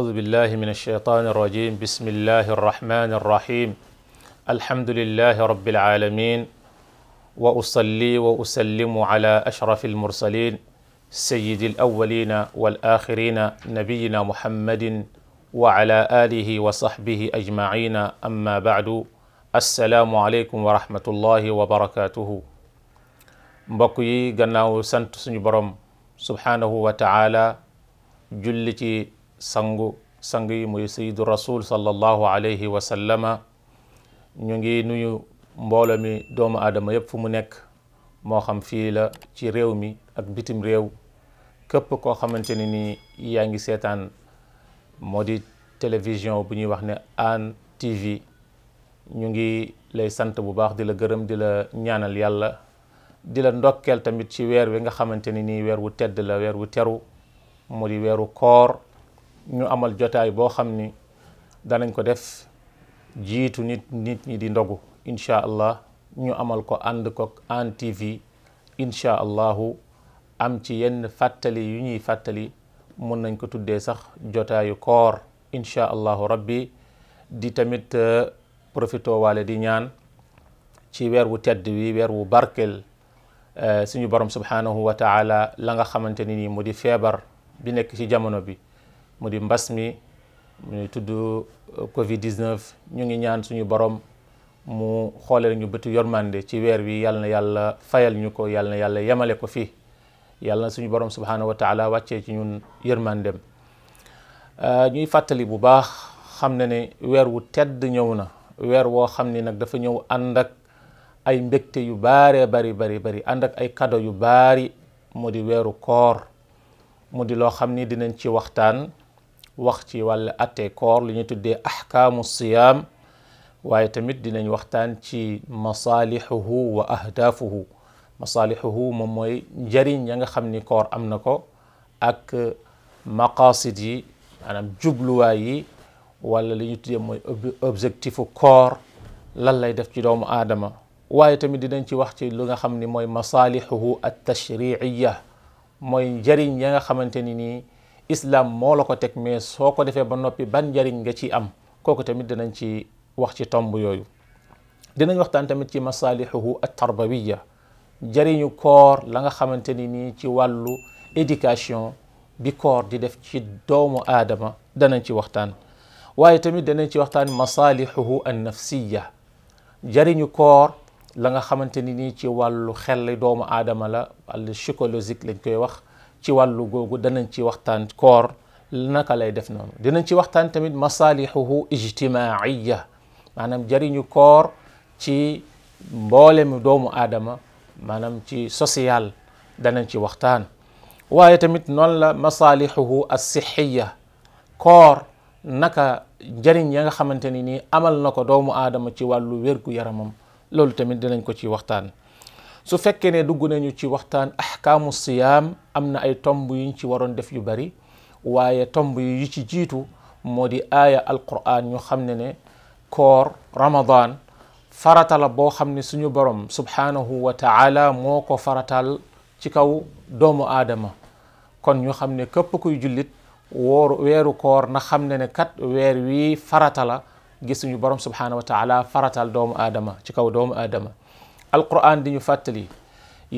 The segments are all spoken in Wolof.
أعوذ بالله من الشيطان الرجيم بسم الله الرحمن الرحيم الحمد لله رب العالمين وأصلي وأسلم على أشرف المرسلين سيد الأولين والآخرين نبينا محمد وعلى آله وصحبه أجمعين أما بعد السلام عليكم ورحمة الله وبركاته مبكي غناو سنت سنبرم سبحانه وتعالى julli ci sangu sangu yi muy sayyidu rasul sallallahu alayhi wa sallama ñu ngi nuyu mboolo doomu aadama yépp fu mu nekk moo xam fii la ci réew mi ak bitim réew képp koo xamante ni ni yaa ngi seetaan moo di télévision bu ñuy wax ne Hann TV ñu ngi lay sant bu baax di la gërëm di la ñaanal yàlla di la ndokkeel tamit ci weer wi nga xamante ni nii weer wu tedd la weer wu teru mu di weeru koor ñu amal jotaay boo xam ni danañ ko def jiitu nit nit ñi di ndogu incha allah ñu amal ko ànd ko en TV incha allahu am ci yenn fàttali yu ñuy fàttali mun nañ ko tuddee sax jotaayu koor incha allahu rabbi di tamit euh, profito waale di ñaan ci weer wu tedd wi weer wu barkel euh, suñu borom subhanahu wa taala la nga xamante ni nii mu di feebar bi nekk ci jamono bi mu di mbas mi mu tudd euh, Covid 19 ñu ngi ñaan suñu borom mu xooleel ñu bëtt yormande ci weer wi yàlla na yàlla fayal ñu ko yàlla yàlla yemale ko fii yàlla suñu borom subhaanahu wa taala wàccee ci ñun yërmandem euh, ñuy fàttali bu baax xam na ne weer wu tedd ñëw na weer woo xam ni nag dafa ñëw ànd ak ay mbégte yu baaree bari bari bari ànd ak ay kado yu baari mu di weeru koor mu di loo xam ni dinañ ci waxtaan wax ci wàll attee koor li ñu tuddee axkaamu siyaam waaye tamit dinañ waxtaan ci masaalihuhu wa ahdaafuhu masaalihuhu moom mooy njariñ ya nga xam ni koor am na ko ak maqasid yi maanaam jubluwaay yi wala li ñu tuddee mooy objectifu koor lan lay def ci doomu aadama waaye tamit dinañ ci wax ci lu nga xam ni mooy masaalihuhu at tashriiya mooy njariñ ya xamante ni islam moo la ko teg mais soo ko defee ba noppi ban njariñ nga ci am kooku tamit danañ ci wax ci tomb yooyu dinañ waxtaan tamit ci masalihuhu at tarbawiya jariñu koor la nga xamante ni nii ci wàllu éducation bi koor di def ci doomu aadama danañ ci waxtaan waaye tamit danañ ci waxtaan masalihuhu an nafsiya jariñu koor la nga xamante ni nii ci wàllu xel doomu aadama la wàllu psychologique lañ koy wax ci wàllu googu danañ ci waxtaan koor naka lay def noonu dinañ ci waxtaan tamit masalihuhu ijtimaiya maanaam jariñu koor ci mboolem doomu aadama maanaam ci social danañ ci waxtaan waaye tamit noonu la masalihuhu assixiya koor naka njëriñ ya nga xamante ni nii amal na ko doomu aadama ci wàllu wérgu yaramam loolu tamit dinañ ko ci waxtaan su fekkee ne dugg nañu ci waxtaan ahkaamu siyaam am na ay tomb yuñ ci waroon def yu bari waaye tomb yi ci jiitu moo di aaya alquran ñu xam ne ne koor ramadan farata boo xam ne suñu borom subhaanahu wa taala moo ko faratal ci kaw doomu aadama kon ñu xam ne képp kuy jullit wooru weeru koor na xam ne ne kat weer wi farata la gis suñu borom subhaanahu wa taala faratal doomu aadama ci kaw doomu aadama alquran di ñu fàttali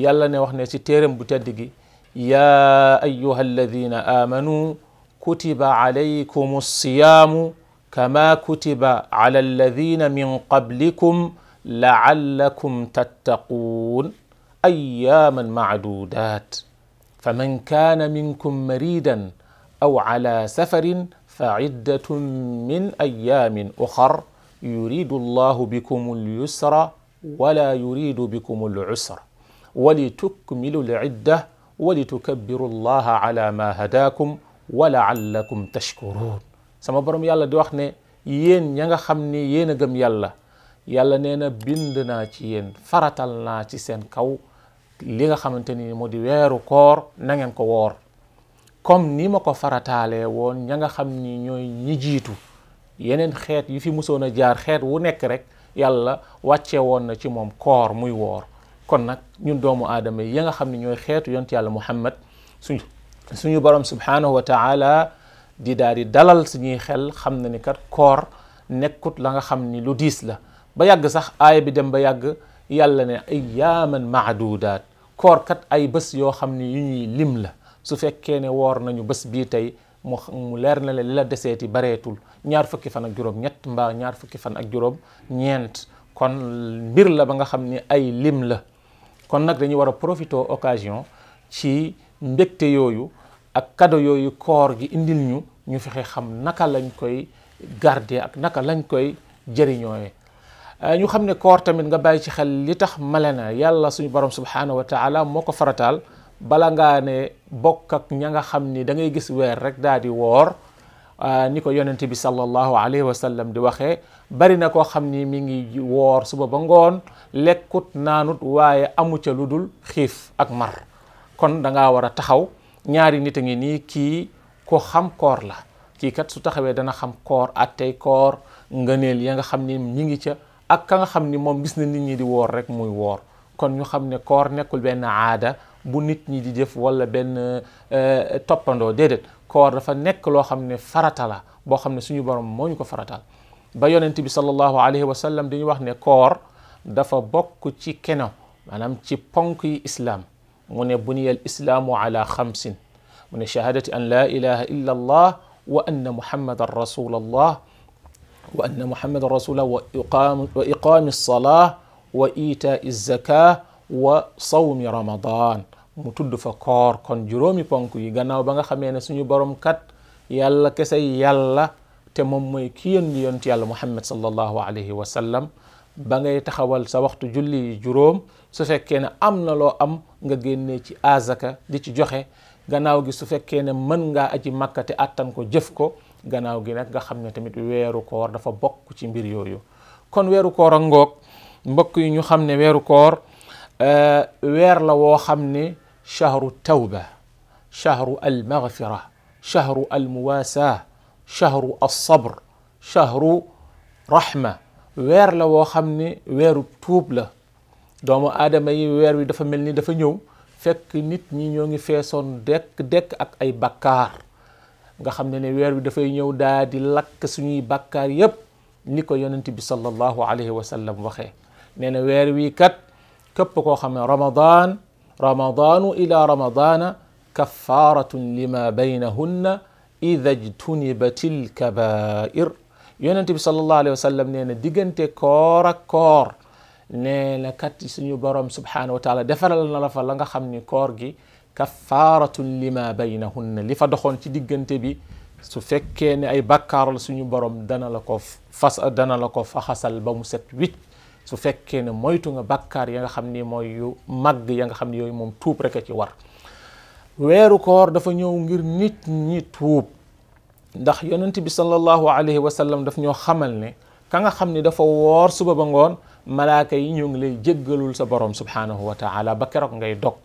yàlla ne wax ne ci téeram bu tedd gi yaa ayyuha alladina amanu kutiba alaykum alsiyaamu kama kutiba ala alladina min qablikum laallakum tattaquun ayyaaman maadudat faman kaana minkum maridan aw ala safarin fa iddatun min ayyaamin uxar yuridu allahu bikum alyusra wala yuridu bikum al-usra ولتكملوا العدة ولتكبروا الله على ما هداكم ولعلكم تشكرون sama borom yàlla di wax ne yéen ña nga xam ni yéen a gëm yàlla yàlla nee na bind naa ci yéen faratal naa ci seen kaw li nga xamante ni moo di weeru koor na ngeen ko woor comme ni ma ko farataalee woon ña nga xam ni ñooy ñi jiitu yeneen xeet yu fi musoon a jaar xeet wu nekk rek yàlla wàcce woon na ci moom koor muy woor kon nag ñun doomu aadama yi ya nga xam ne ñooy xeetu yont yàlla muhammad suñ suñu borom subhaanahu wa taala di daal di dalal suñuy xel xam na ni kat koor nekkut la nga xam ni lu diis la ba yàgg sax aaya bi dem ba yàgg yàlla ne ayyaaman maadudaat koor kat ay bés yoo xam ni yu ñuy lim la su fekkee ne woor nañu bés bii tey mu mu leer na leen li la deseeti bareetul ñaar fukki fan ak juróom ñett mbaa ñaar fukki fan ak juróom ñeent kon mbir la ba nga xam ni ay lim la kon nag dañu war a profité occasion ci mbégte yooyu ak kado yooyu koor gi indil ñu ñu fexe xam naka lañ koy garder ak naka lañ koy jëriñooyee euh, ñu xam ne koor tamit nga bàyyi ci xel li tax male na yàlla suñu borom subhaanahu wa taala moo ko farataal bala ngaa ne bokk ak ña nga xam ni da ngay gis weer rek daal di woor ah, ni ko yonent bi sallallahu alayhi wa sallam di waxee bari na koo xam ni mi ngi woor suba ba ngoon lekkut naanut waaye amu ca lu dul xiif ak mar kon da war a taxaw ñaari nit a ngi nii kii ko xam la kii su taxawee dana xam koor attey koor ngëneel ya nga xam ni ñi ngi ca ak ka nga xam ni moom gis na nit ñi di woor rek muy woor kon ñu xam ne koor nekkul benn aada bu nit ñi di jëf wala benn euh, toppandoo déedéet koor dafa nekk loo xam ne farata la boo xam ne suñu borom moo ñu ko faratal ba yonent bi sallallahu alayhi wa sallam dañu wax ne koor dafa bokk ci keno maanaam ci ponk yi islaam mu ne buniyal islaamu ala xamsin mu ne shahadati an laa ilaha illa allah wa anna muhammadan rasulallah wa anna muhammadan rasulallah wa iqaami wa sawmi ramadan mu tudd fa koor kon juróomi ponk yi gannaaw ba nga xamee ne suñu borom kat yàlla kese yàlla te moom mooy ki yónni yonent yàlla muhammad sallallahu alayhi wa sallam ba ngay taxawal sa waxtu julli yi juróom su fekkee ne am na loo am nga génnee ci azaka di ci joxe gannaaw gi su fekkee ne mën nga aji makka te attan ko jëf ko gannaaw gi nag nga xam ne tamit weeru koor dafa bokk ci mbir yooyu kon weeru koor ngoog mbokk yi ñu xam ne Euh, weer la woo xam ne chahru tawba chahru almaghfira chahru almuwaasa chahru alsabr chahru rahma weer la woo xam ne weeru tuub la doomu aadama yi weer wi dafa mel ni dafa ñëw fekk nit ñi ñoo ngi feesoon dekk dekk ak ay bakkaar nga xam ne ne weer wi dafay ñëw daa di lakk suñuy bakkaar yépp ni ko yonent bi sallallahu alayhi wa waxe waxee nee weer wi kat képp koo xam ne ramadan ramadanu ila ramadana kafaratun lima baynahunna ida jtunibat ilkabair yonent bi sallallahu alayhi wa sallam nee na diggante koor ak koor nee na kat suñu borom subhanahu wa taala defaral na la fa la nga xam ni koor gi kafaratun lima baynahunna li fa doxoon ci diggante bi su fekkee ne ay bakkaaral suñu borom dana la ko fas dana la ko faxasal ba mu set wicc su fekkee ne moytu nga bakkaar ya nga xam ni mooy yu màgg ya nga xam ni yooyu moom tuub rek a ci war weeru koor dafa ñëw ngir nit ñi tuub ndax yonent bi sallallahu alayhi wa sallam daf ñoo xamal ne ka nga xam ni dafa woor suba ba ngoon malaaka yi ñu ngi lay jëggalul sa borom subhaanahu wa taala ba keroog ngay dog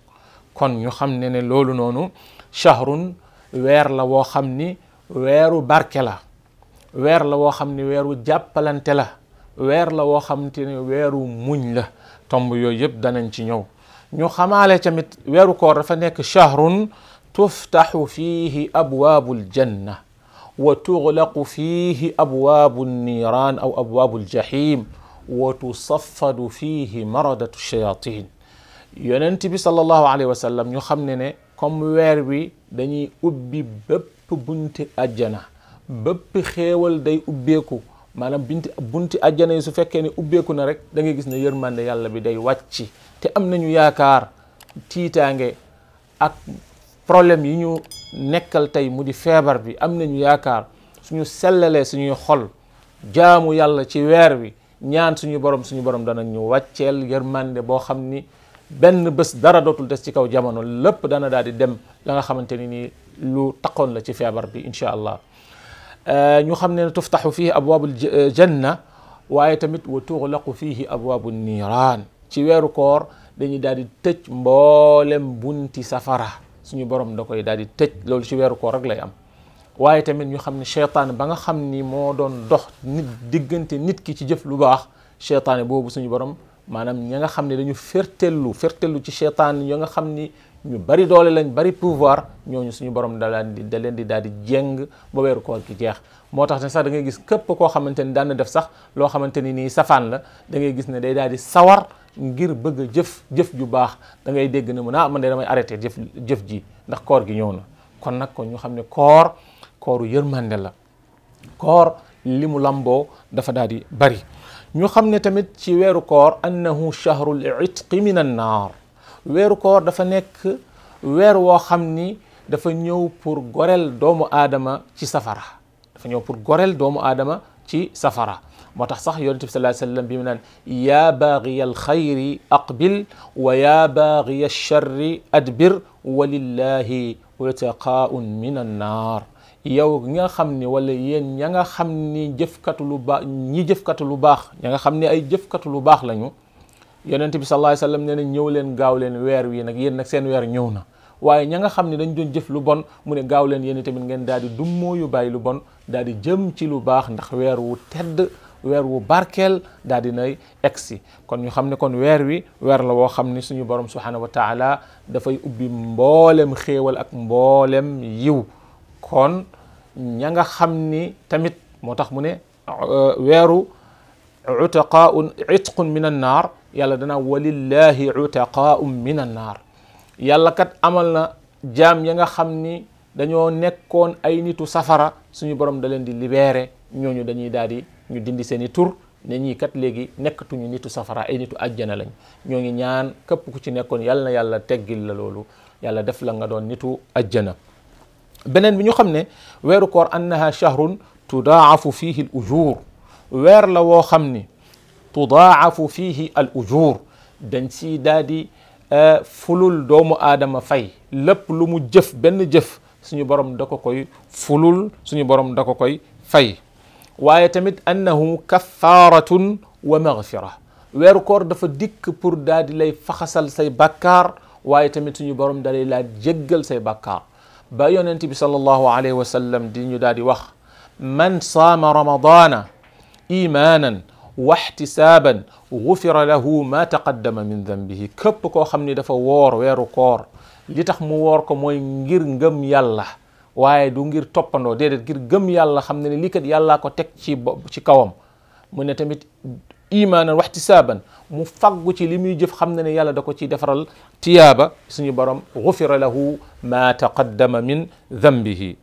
kon ñu xam ne ne loolu noonu shahrun weer la woo xam ni weeru barke la weer la woo xam ni weeru jàppalante la weer la woo xamante ne weeru muñ la tomb yooyu yëpp danañ ci ñëw ñu xamaale tamit weeru koor dafa nekk shahrun tuftaxu fiihi abwaabu aljanna wa tuglaqu fiihi abwaabu niiraan aw abwaabu aljahim wa tusaffadu fiihi maradatu shayatin yonent bi sallallahu alayhi wa sallam xam ne ne comme weer wi dañuy ubbi bépp bunti àjjana bépp day ubbeeku maanaam binti bunti àjjana yi su fekkee ne ubbeeku na rek dangay gis ne yërmande yàlla bi day wàcc te am nañu yaakaar tiitaange ak problème yi ñu nekkal tey mu di feebar bi am nañu yaakaar suñu sellalee suñuy xol jaamu yàlla ci weer wi ñaan suñu borom suñu borom dana ñu wàcceel yërmande boo xam ni benn bés dara dootul des ci kaw jamono lépp dana daal di dem la nga xamante ni nii lu taxoon la ci feebar bi incha allah Euh, ñu xam ne tuftaxu fiihi abwaabul euh, janna waaye tamit wa tuxlaqu fiihi abwaabu niiraan ci weeru koor dañuy daal di tëj mboolem bunti safara suñu borom da koy daal di tëj loolu ci weeru koor rek lay am waaye tamit ñu xam ne cheytaan ba nga xam ni moo doon dox nit diggante nit ki ci jëf lu baax cheytaane boobu suñu borom maanaam ña nga xam ne dañu fertellu fertellu ci cheytaan ya nga xam ni ñu bari doole lañ bari pouvoir ñoo ñu suñu borom da leen di da leen di daal di jéng ba weeru koor gi jeex moo tax ne sax da gis képp koo xamante ni daan na def sax loo xamante ni nii safaan la dangay gis ne day daal di sawar ngir bëgg jëf jëf ju baax dangay dégg ne mun a ah, man de damay arrêté jëf jëf ji ndax koor gi ñëw na kon nag kon ñu xam ne koor kooru yërmande la koor li mu lamboo dafa daal di bari ñu xam ne tamit ci weeru koor annahu shahrul itqi min an naar weeru koor dafa nekk weer woo xam ni dafa ñëw pour gorel doomu aadama ci safara dafa ñëw pour gorel doomu aadama ci safara moo tax sax yonent bi sallallahu alayhi wa bi mu naan yaa baagiya alxayri aqbil wa yaa baagiya alcharri adbir wa lillahi wataqaaun min annaar yow nga xam ni wala yéen ña nga xam ni jëfkatu lu baax ñi jëfkatu lu baax ña nga xam ni ay jëfkatu lu baax lañu yonent bi sallallahu alayhi wasallam nee ñëw leen gaaw leen weer wi nag yéen seen weer ñëw na waaye ña nga xam ne dañ doon jëf lu bon mu ne gaaw leen yéen tamit ngeen daal di dummoo yu bàyyi lu bon daal di jëm ci lu baax ndax weer wu tedd weer wu barkeel daal di nay egsi kon ñu xam ne kon weer wi weer la woo xam ne suñu borom subhanahu wa taala dafay ubbi mboolem xéewal ak mboolem yiw kon ña nga xam ni tamit moo tax mu ne uh, weeru utaqaun itqun min an naar yàlla danaa walillahi utaqaum min naar yàlla kat amal na jaam ya nga xam ni dañoo nekkoon ay nitu safara suñu borom da leen di libéré ñooñu dañuy daal di ñu dindi seen i tur ne ñii kat léegi nekkatuñu nitu safara ay nitu àjjana lañ ñoo ngi ñaan képp ku ci nekkoon yàlla na yàlla teggil la loolu yàlla def la nga doon nitu àjjana beneen bi ñu xam ne weeru koor annaha shahrun tudaafu fihi al ujur weer la woo xam ni tudaacafu fiihi al ujur dañ siy daal di fulul doomu aadama fay lépp lu mu jëf benn jëf suñu borom da ko koy fulul suñu borom da ko koy fay waaye tamit annahu kaffaaratun wa magfira weeru koor dafa dikk pour daal di lay faxasal say bàkkaar waaye tamit suñu borom dalay laa jéggal say bàkkaar ba yonent bi sallallahu alayhi wa sallam di ñu daal di wax man saama ramadana imanan waxtisaaban gufira lahu ma taqaddama min dambihi képp koo xam ni dafa woor weeru koor li tax mu woor ko mooy ngir ngëm yàlla waaye du ngir toppandoo déedéet ngir gëm yàlla xam ne ne lii kat ko teg ci ci kawam mu ne tamit imaanan waxtisaaban mu faggu ci li muy jëf xam ne ne yàlla da ko ci defaral tiyaaba suñu borom gufira lahu ma taqaddama min dambihi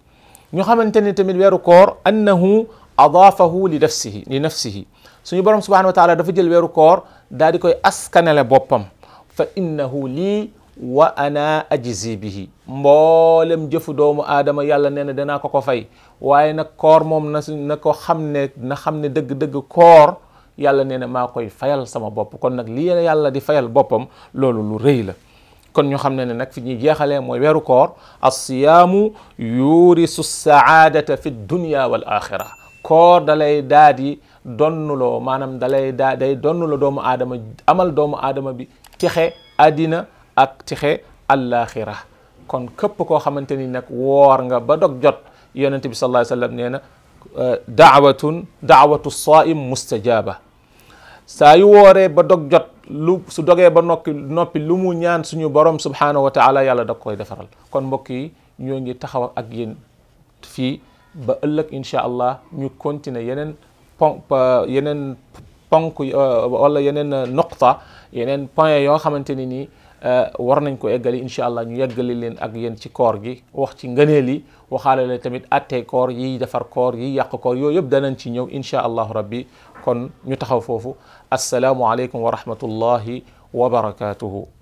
ñu xamante ni tamit weeru koor annahu adaafahu li nafsihi li nafsihi suñu borom subhanahu wa taala dafa jël weeru koor daal koy askanele boppam fa innahu lii wa ana ajzi bihi mboolem jëfu doomu aadama yàlla nee na danaa ko ko fay waaye nag koor moom na na ko xam ne na xam ne dëgg-dëgg koor yàlla nee na maa koy fayal sama bopp kon nag lii yàlla di fayal boppam loolu lu rëy la kon ñu xam ne ne nag fi ñuy jeexalee mooy weeru koor as-siyaamu yurisu saadata fi dunya wal axira koor dalay daadi donnuloo maanaam dalay daa day donnuloo doomu aadama amal doomu aadama bi texe àddina ak texe allaaxira kon képp koo xamante ni nag woor nga ba dog jot yonente bi sallallahu nee na euh, daawatun daawatu saim mustajaaba saa yu wooree ba dog jot lu su dogee ba nokki noppi lu mu ñaan suñu borom subhaanahu wa taala yàlla dog koy defaral kon mbokk yi ñoo ngi taxaw ak yéen fii ba ëllëg incha allah ñu continuer yenen pon yeneen ponk euh, wala yeneen euh, noqta yeneen point yoo xamante ni nii euh, war nañ ko eggali incha allah ñu yeggali leen ak yéen ci koor gi wax ci ngëneel yi waxaale leen tamit attee koor yiy defar koor yiy yàq koor yooyu yëpp danañ ci ñëw incha allahu rabbi kon ñu taxaw foofu asalaamualeykum wa rahmatullahi wa barakatuhu